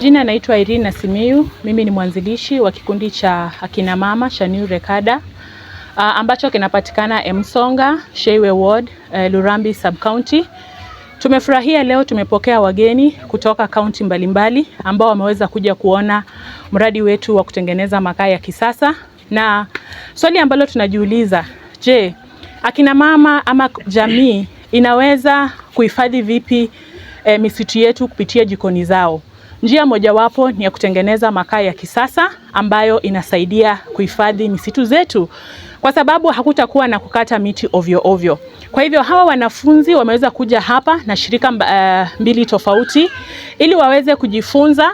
Jina naitwa Irina simiu mimi ni mwanzilishi wa kikundi cha akina mama cha New Rekada uh, ambacho kinapatikana Emsonga, Shewe Ward, uh, Lurambi Sub County. Tumefurahia leo tumepokea wageni kutoka kaunti mbalimbali ambao wameweza kuja kuona mradi wetu wa kutengeneza makaa ya kisasa, na swali ambalo tunajiuliza, je, akina mama ama jamii inaweza kuhifadhi vipi e, misitu yetu kupitia jikoni zao? Njia mojawapo ni ya kutengeneza makaa ya kisasa ambayo inasaidia kuhifadhi misitu zetu kwa sababu hakutakuwa na kukata miti ovyo ovyo. Kwa hivyo hawa wanafunzi wameweza kuja hapa na shirika eh, mbili tofauti ili waweze kujifunza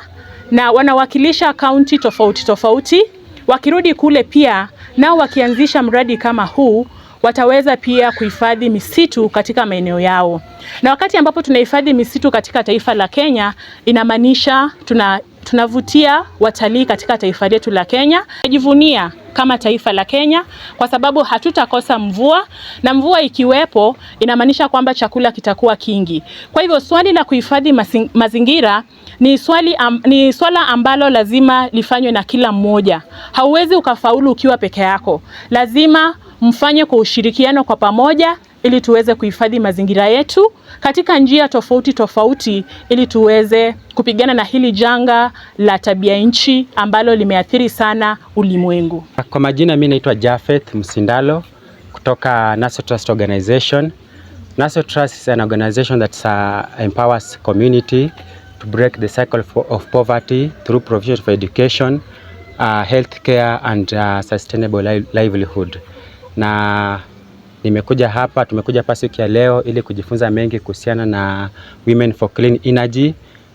na wanawakilisha kaunti tofauti tofauti. Wakirudi kule pia nao wakianzisha mradi kama huu wataweza pia kuhifadhi misitu katika maeneo yao. Na wakati ambapo tunahifadhi misitu katika taifa la Kenya, inamaanisha tuna tunavutia watalii katika taifa letu la Kenya. Najivunia kama taifa la Kenya kwa sababu hatutakosa mvua, na mvua ikiwepo inamaanisha kwamba chakula kitakuwa kingi. Kwa hivyo swali la kuhifadhi mazingira ni swali am, ni swala ambalo lazima lifanywe na kila mmoja. Hauwezi ukafaulu ukiwa peke yako, lazima mfanye kwa ushirikiano kwa pamoja ili tuweze kuhifadhi mazingira yetu katika njia tofauti tofauti ili tuweze kupigana na hili janga la tabia nchi ambalo limeathiri sana ulimwengu. Kwa majina, mimi naitwa Jafeth Msindalo kutoka Naso Trust Organization. Naso Trust is an organization that uh, empowers community to break the cycle of poverty through provision of education, uh, healthcare and uh, sustainable livelihood na nimekuja hapa, tumekuja hapa siku ya leo ili kujifunza mengi kuhusiana na Women for Clean Energy,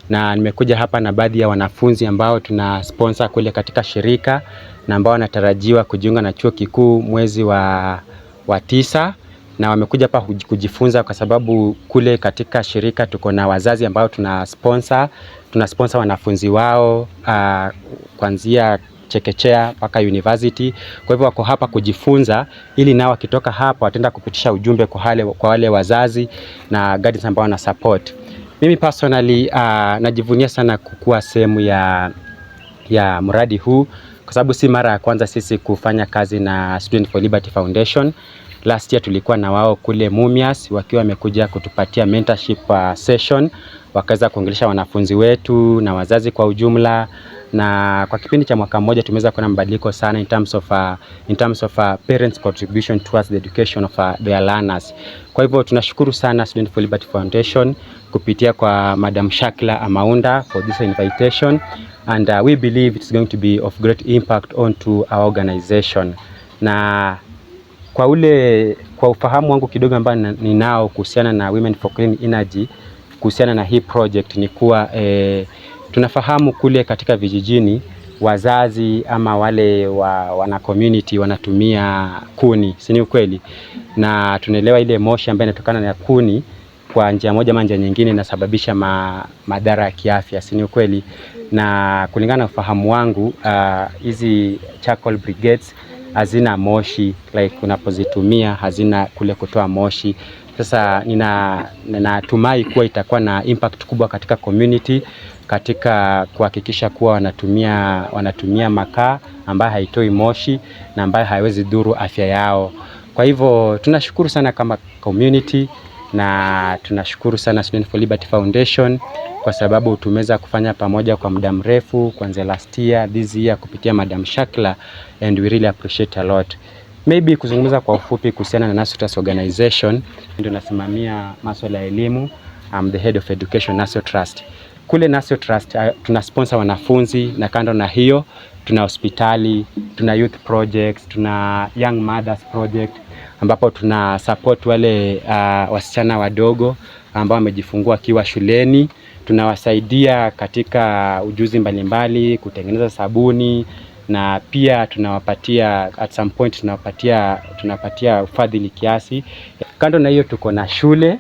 na nimekuja hapa na baadhi ya wanafunzi ambao tuna sponsor kule katika shirika na ambao wanatarajiwa kujiunga na chuo kikuu mwezi wa, wa tisa na wamekuja hapa kujifunza kwa sababu kule katika shirika tuko na wazazi ambao tuna sponsor, tuna sponsor wanafunzi wao uh, kuanzia chekechea mpaka university. Kwa hivyo wako hapa kujifunza, ili nao wakitoka hapa wataenda kupitisha ujumbe kwa wale, kwa wale wazazi na guardians ambao wana support. Mimi personally uh, najivunia sana kukuwa sehemu ya, ya mradi huu kwa sababu si mara ya kwanza sisi kufanya kazi na Student for Liberty Foundation. Last year tulikuwa na wao kule Mumias wakiwa wamekuja kutupatia mentorship ah, session, wakaweza kuongelesha wanafunzi wetu na wazazi kwa ujumla na kwa kipindi cha mwaka mmoja tumeweza kuona mabadiliko sana in terms of, uh, in terms of uh, parents contribution towards the education of uh, their learners. Kwa hivyo tunashukuru sana Student for Liberty Foundation kupitia kwa Madam Shakla Amaunda for this invitation and uh, we believe it's going to be of great impact onto our organization na kwa ule kwa ufahamu wangu kidogo ambao ninao kuhusiana na Women for Clean Energy kuhusiana na hii project ni kuwa eh, Tunafahamu kule katika vijijini wazazi ama wale wa, wana community wanatumia kuni, si ni ukweli? Na tunaelewa ile moshi ambayo inatokana na kuni kwa njia moja ama njia nyingine inasababisha ma, madhara ya kiafya, si ni ukweli? Na kulingana na ufahamu wangu uh, hizi uh, charcoal brigades hazina moshi like unapozitumia hazina kule kutoa moshi. Sasa nina natumai kuwa itakuwa na impact kubwa katika community katika kuhakikisha kuwa wanatumia, wanatumia makaa ambayo haitoi moshi na ambayo haiwezi dhuru afya yao. Kwa hivyo tunashukuru sana kama community na tunashukuru sana Student for Liberty Foundation kwa sababu tumeweza kufanya pamoja kwa muda mrefu kuanzia last year, this year kupitia Madam Shakla and we really appreciate a lot. Maybe kuzungumza kwa ufupi kuhusiana na Nasotrust organization, ndio nasimamia masuala ya elimu. I'm the head of education Trust. Kule Nasio Trust uh, tuna sponsor wanafunzi na kando na hiyo tuna hospitali, tuna youth projects, tuna young mothers project ambapo tuna support wale uh, wasichana wadogo ambao wamejifungua akiwa shuleni. Tunawasaidia katika ujuzi mbalimbali mbali, kutengeneza sabuni na pia tunawapatia at some point tunawapatia tunapatia ufadhili kiasi. Kando na hiyo tuko na shule,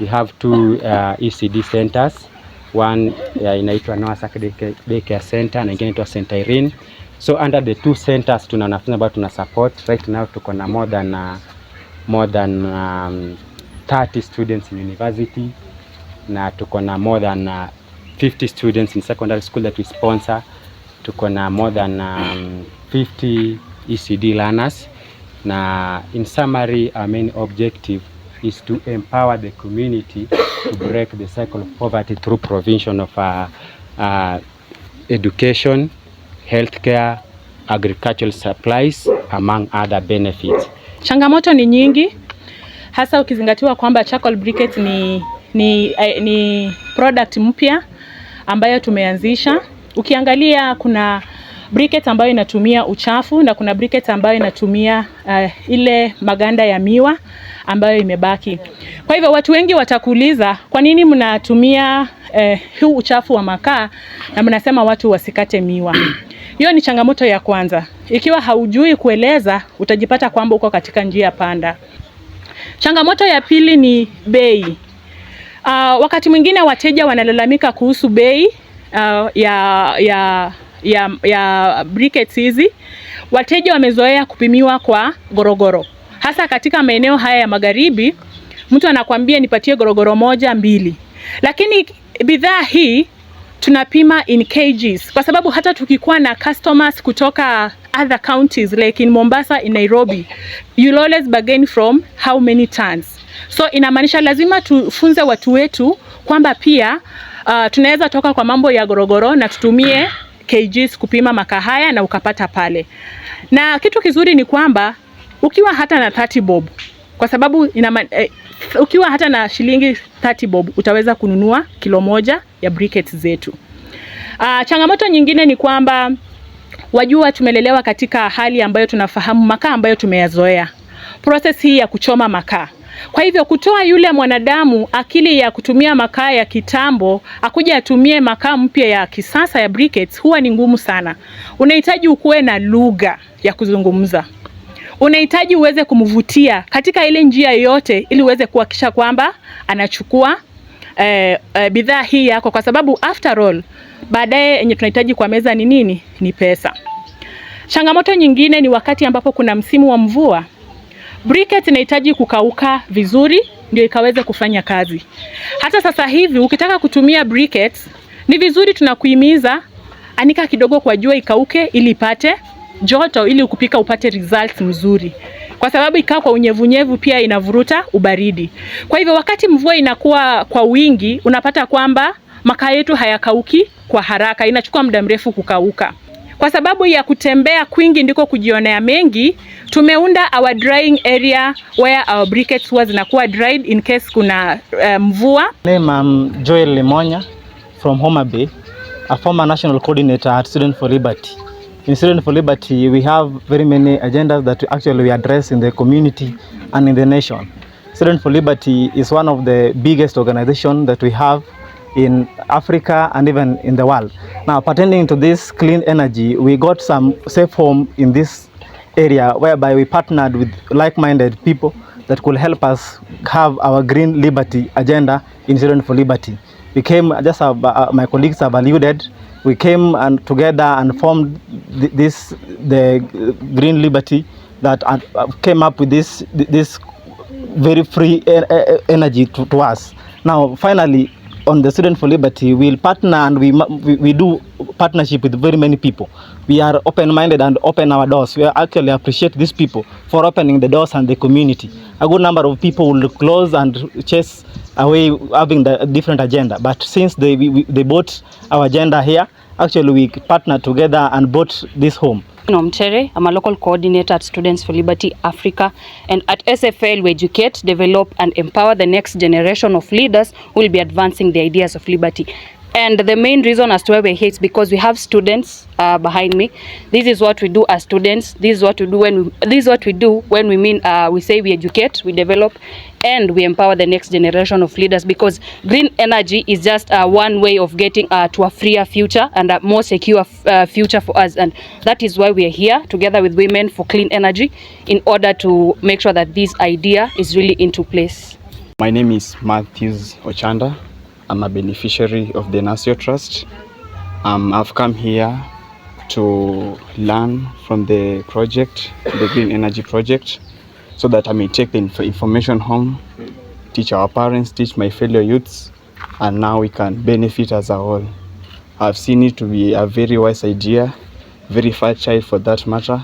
we have two uh, ECD centers one inaitwa Noasak Daycare Center na nyingine inaitwa St Irene. So under the two centers tuna wanafunzi ambao tuna support right now, tuko na more than uh, more than um, 30 students in university na tuko na more than uh, 50 students in secondary school that we sponsor. Tuko na more than um, 50 ECD learners na in summary, our main objective is to empower the community to break the cycle of poverty through provision of uh, uh, education, healthcare, agricultural supplies among other benefits. Changamoto ni nyingi hasa ukizingatiwa kwamba charcoal briquette ni, ni, eh, ni product mpya ambayo tumeanzisha. Ukiangalia kuna briquette ambayo inatumia uchafu na kuna briquette ambayo inatumia uh, ile maganda ya miwa ambayo imebaki. Kwa hivyo watu wengi watakuuliza kwa nini mnatumia uh, huu uchafu wa makaa na mnasema watu wasikate miwa. Hiyo ni changamoto ya kwanza. Ikiwa haujui kueleza, utajipata kwamba uko katika njia panda. Changamoto ya pili ni bei. Uh, wakati mwingine wateja wanalalamika kuhusu bei uh, ya, ya ya, ya briquettes hizi, wateja wamezoea kupimiwa kwa gorogoro, hasa katika maeneo haya ya magharibi. Mtu anakwambia nipatie gorogoro moja mbili, lakini bidhaa hii tunapima in kgs kwa sababu hata tukikuwa na customers kutoka other counties like in Mombasa, in Nairobi, you'll always bargain from how many tons. So inamaanisha lazima tufunze watu wetu kwamba pia uh, tunaweza toka kwa mambo ya gorogoro na tutumie kgs kupima makaa haya na ukapata pale. Na kitu kizuri ni kwamba ukiwa hata na 30 bob kwa sababu ina, eh, ukiwa hata na shilingi 30 bob utaweza kununua kilo moja ya briquettes zetu. Ah, changamoto nyingine ni kwamba wajua, tumelelewa katika hali ambayo tunafahamu makaa ambayo tumeyazoea. Process hii ya kuchoma makaa kwa hivyo kutoa yule mwanadamu akili ya kutumia makaa ya kitambo akuja atumie makaa mpya ya kisasa ya briquettes, huwa ni ngumu sana. Unahitaji ukuwe na lugha ya kuzungumza, unahitaji uweze kumvutia katika ile njia yote, ili uweze kuhakikisha kwamba anachukua eh, eh, bidhaa hii yako, kwa sababu after all baadaye yenye tunahitaji kwa meza ni nini? Ni pesa. Changamoto nyingine ni wakati ambapo kuna msimu wa mvua Briquette inahitaji kukauka vizuri ndio ikaweze kufanya kazi. Hata sasa hivi ukitaka kutumia briquette, ni vizuri tunakuhimiza anika kidogo kwa jua ikauke ili ipate joto ili ukupika upate results mzuri, kwa sababu ikaa kwa unyevunyevu pia inavuruta ubaridi. Kwa hivyo wakati mvua inakuwa kwa wingi, unapata kwamba makaa yetu hayakauki kwa haraka, inachukua muda mrefu kukauka. Kwa sababu ya kutembea kwingi ndiko kujionea mengi, tumeunda our drying area where our briquettes huwa zinakuwa dried in case kuna uh, mvua. Name I'm um, Joel Limonya from Homa Bay, a former national coordinator at Student for Liberty. In Student for Liberty, we have very many agendas that we actually we address in the community and in the nation. Student for Liberty is one of the biggest organization that we have in Africa and even in the world. Now, pertaining to this clean energy, we got some safe home in this area whereby we partnered with like-minded people that could help us have our green liberty agenda in Children for Liberty. We came, just uh, uh, my colleagues have alluded, we came and together and formed th this, the green liberty that uh, uh came up with this, this very free e-, e-, e-, energy to, to us. Now, finally, on the Student for Liberty, we'll partner and we, we, we do partnership with very many people. We are open-minded and open our doors. We actually appreciate these people for opening the doors and the community. A good number of people will close and chase away having the different agenda. But since they, we, they bought our agenda here, actually we partner together and bought this home. Nomtere, I'm a local coordinator at Students for Liberty Africa and at SFL we educate, develop and empower the next generation of leaders who will be advancing the ideas of liberty. And the main reason as to why we're here is because we have students uh, behind me. This is what we do as students. This is what we do when we, this is what we do when we mean uh, we say we educate, we develop and we empower the next generation of leaders because green energy is just uh, one way of getting uh, to a freer future and a more secure uh, future for us and that is why we are here together with women for clean energy in order to make sure that this idea is really into place. My name is Matthews Ochanda. I'm a beneficiary of the Nasio Trust. Um, I've come here to learn from the project, the Green Energy Project so that I may take the inf information home, teach our parents, teach my fellow youths, and now we can benefit as a whole. I've seen it to be a very wise idea, very child for that matter,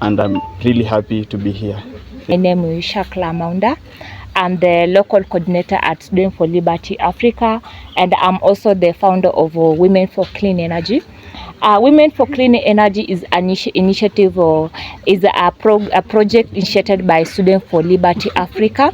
and I'm really happy to be here. My name is Shakla Maunda. I'm the local coordinator at Student for Liberty Africa, and I'm also the founder of uh, Women for Clean Energy. Uh, Women for Clean Energy is an initiative or is a, pro a project initiated by Students for Liberty Africa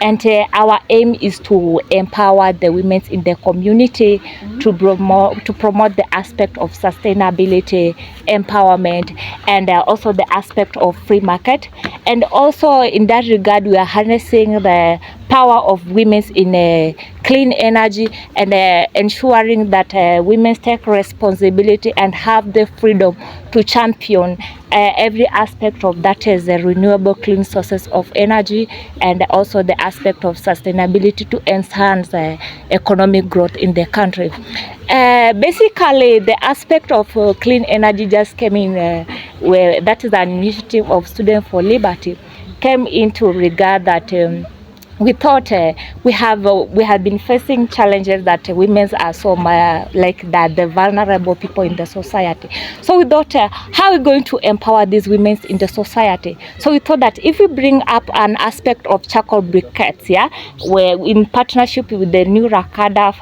and uh, our aim is to empower the women in the community to promote to promote the aspect of sustainability, empowerment and uh, also the aspect of free market and also in that regard we are harnessing the power of women in uh, clean energy and uh, ensuring that uh, women take responsibility and have the freedom to champion uh, every aspect of that is the renewable clean sources of energy and also the aspect of sustainability to enhance uh, economic growth in the country. Uh, basically, the aspect of uh, clean energy just came in, uh, where that is an initiative of Students for Liberty, came into regard that um, we thought uh, we have uh, we have been facing challenges that uh, women are so uh, like that the vulnerable people in the society so we thought uh, how are we going to empower these women in the society so we thought that if we bring up an aspect of charcoal briquettes yeah where in partnership with the new Rakada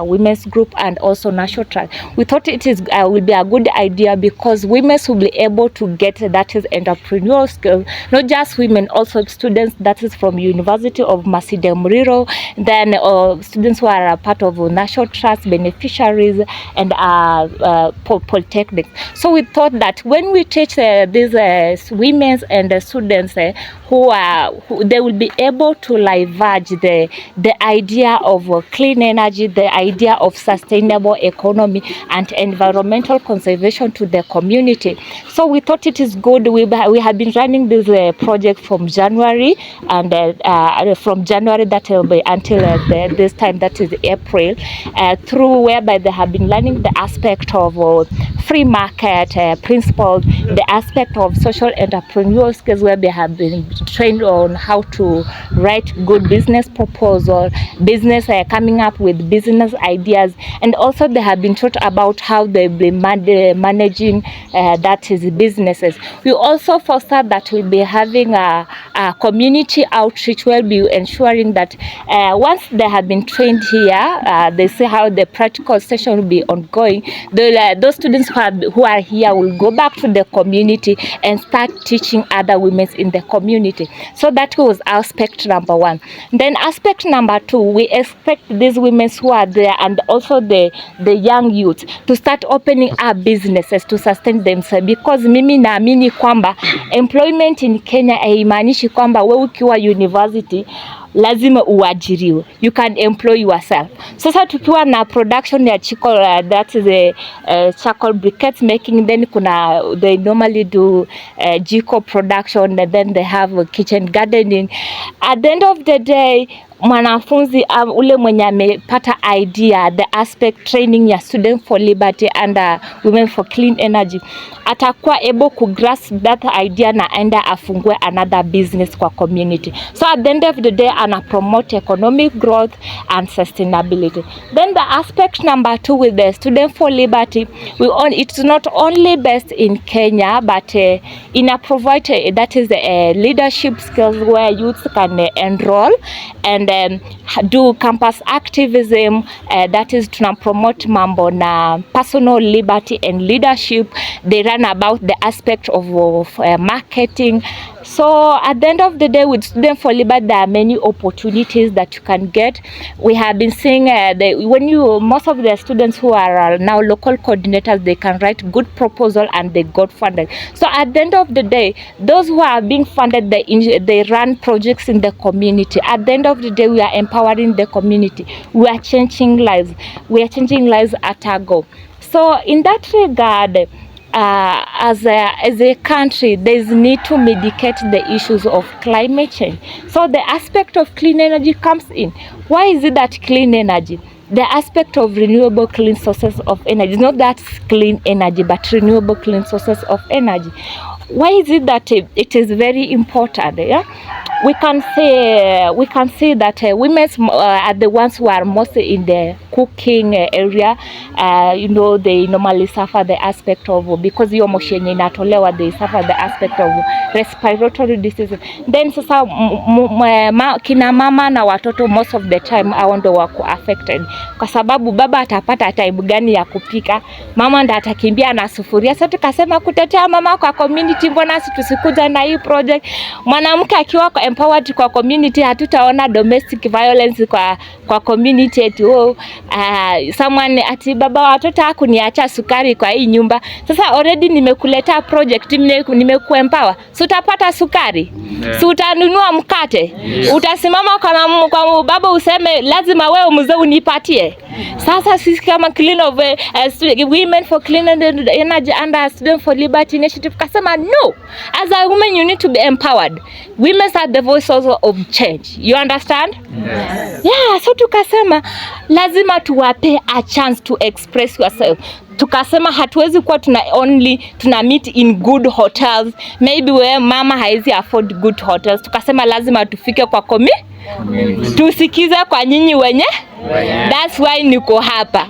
uh, women's group and also national trust we thought it is uh, will be a good idea because women will be able to get that is entrepreneurial skill not just women also students that is from university of of Masida Muriro. Then uh, students who are a part of National Trust beneficiaries and uh, polytechnic. So we thought that when we teach uh, these uh, women and students uh, who are who, they will be able to leverage the the idea of clean energy, the idea of sustainable economy and environmental conservation to the community. So we thought it is good. We, we have been running this uh, project from January and uh, uh, from January that will be until uh, the, this time that is April uh, through whereby they have been learning the aspect of uh, free market uh, principles, the aspect of social entrepreneurial skills where they have been trained on how to write good business proposal, business uh, coming up with business ideas, and also they have been taught about how they'll be man managing uh, that is businesses. We also foster that we'll be having a, a community outreach where we'll be ensuring that uh, once they have been trained here, uh, they see how the practical session will be ongoing. uh, those students are, who are here will go back to the community and start teaching other women in the community. So that was aspect number one. Then aspect number two, we expect these women who are there and also the, the young youth to start opening up businesses to sustain themselves because mimi naamini kwamba employment in Kenya haimaanishi kwamba wewe ukiwa university lazima uajiriwe, you can employ yourself. Sasa tukiwa na production ya charcoal, uh, that is a, uh, uh, charcoal briquette making, then kuna they normally do uh, jiko production and then they have a kitchen gardening. At the end of the day mwanafunzi uh, ule mwenye amepata idea the aspect training ya student for liberty and uh, women for clean energy atakuwa able ku grasp that idea na aenda afungue another business kwa community. So at the end of the day ana promote economic growth and sustainability. Then the aspect number two with the student for liberty we on, it's not only based in Kenya but uh, in a provide uh, that is a uh, leadership skills where youth can uh, enroll and and um, do campus activism uh, that is tuna promote mambo na personal liberty and leadership. They run about the aspect of, of uh, marketing So at the end of the day, with Student for Liberty, there are many opportunities that you can get. We have been seeing uh, the, when you most of the students who are uh, now local coordinators, they can write good proposal and they got funded. So at the end of the day, those who are being funded, they they run projects in the community. At the end of the day, we are empowering the community. We are changing lives. We are changing lives at our goal. So in that regard. Uh, as, a, as a country there is need to medicate the issues of climate change so the aspect of clean energy comes in why is it that clean energy the aspect of renewable clean sources of energy not that clean energy but renewable clean sources of energy why is it that it is very important yeah? we can say we can say that uh, women uh, are the ones who are most in the cooking uh, area uh, you know they normally suffer the aspect of because hiyo moshi yenye inatolewa they suffer the aspect of respiratory disease then sasa ma, kina mama na watoto most of the time hao ndio wako affected kwa sababu baba atapata time gani ya kupika mama ndo atakimbia na sufuria sasa tukasema kutetea mama kwa community community, mbona si tusikuja na hii project? Mwanamke akiwa empowered kwa community, hatutaona domestic violence kwa kwa community yetu. Oh, uh, someone ati baba watoto hakuniacha sukari kwa hii nyumba. Sasa already nimekuletea project, nimekuempower, si utapata sukari, yeah. si utanunua mkate, yeah. utasimama kwa mamu, kwa baba useme lazima wewe mzee unipatie. Sasa sisi kama Clean of, uh, Women for Clean and Energy and Student for Liberty Initiative kasema No. As a woman, you need to be empowered. Women are the voice also of change. You understand? Yes. Yeah, so tukasema lazima tuwape a chance to express yourself. Tukasema hatuwezi kuwa tuna only tuna meet in good hotels. Maybe wewe mama haizi afford good hotels. Tukasema lazima tufike kwa komi. Tusikize kwa nyinyi wenye. That's why niko hapa.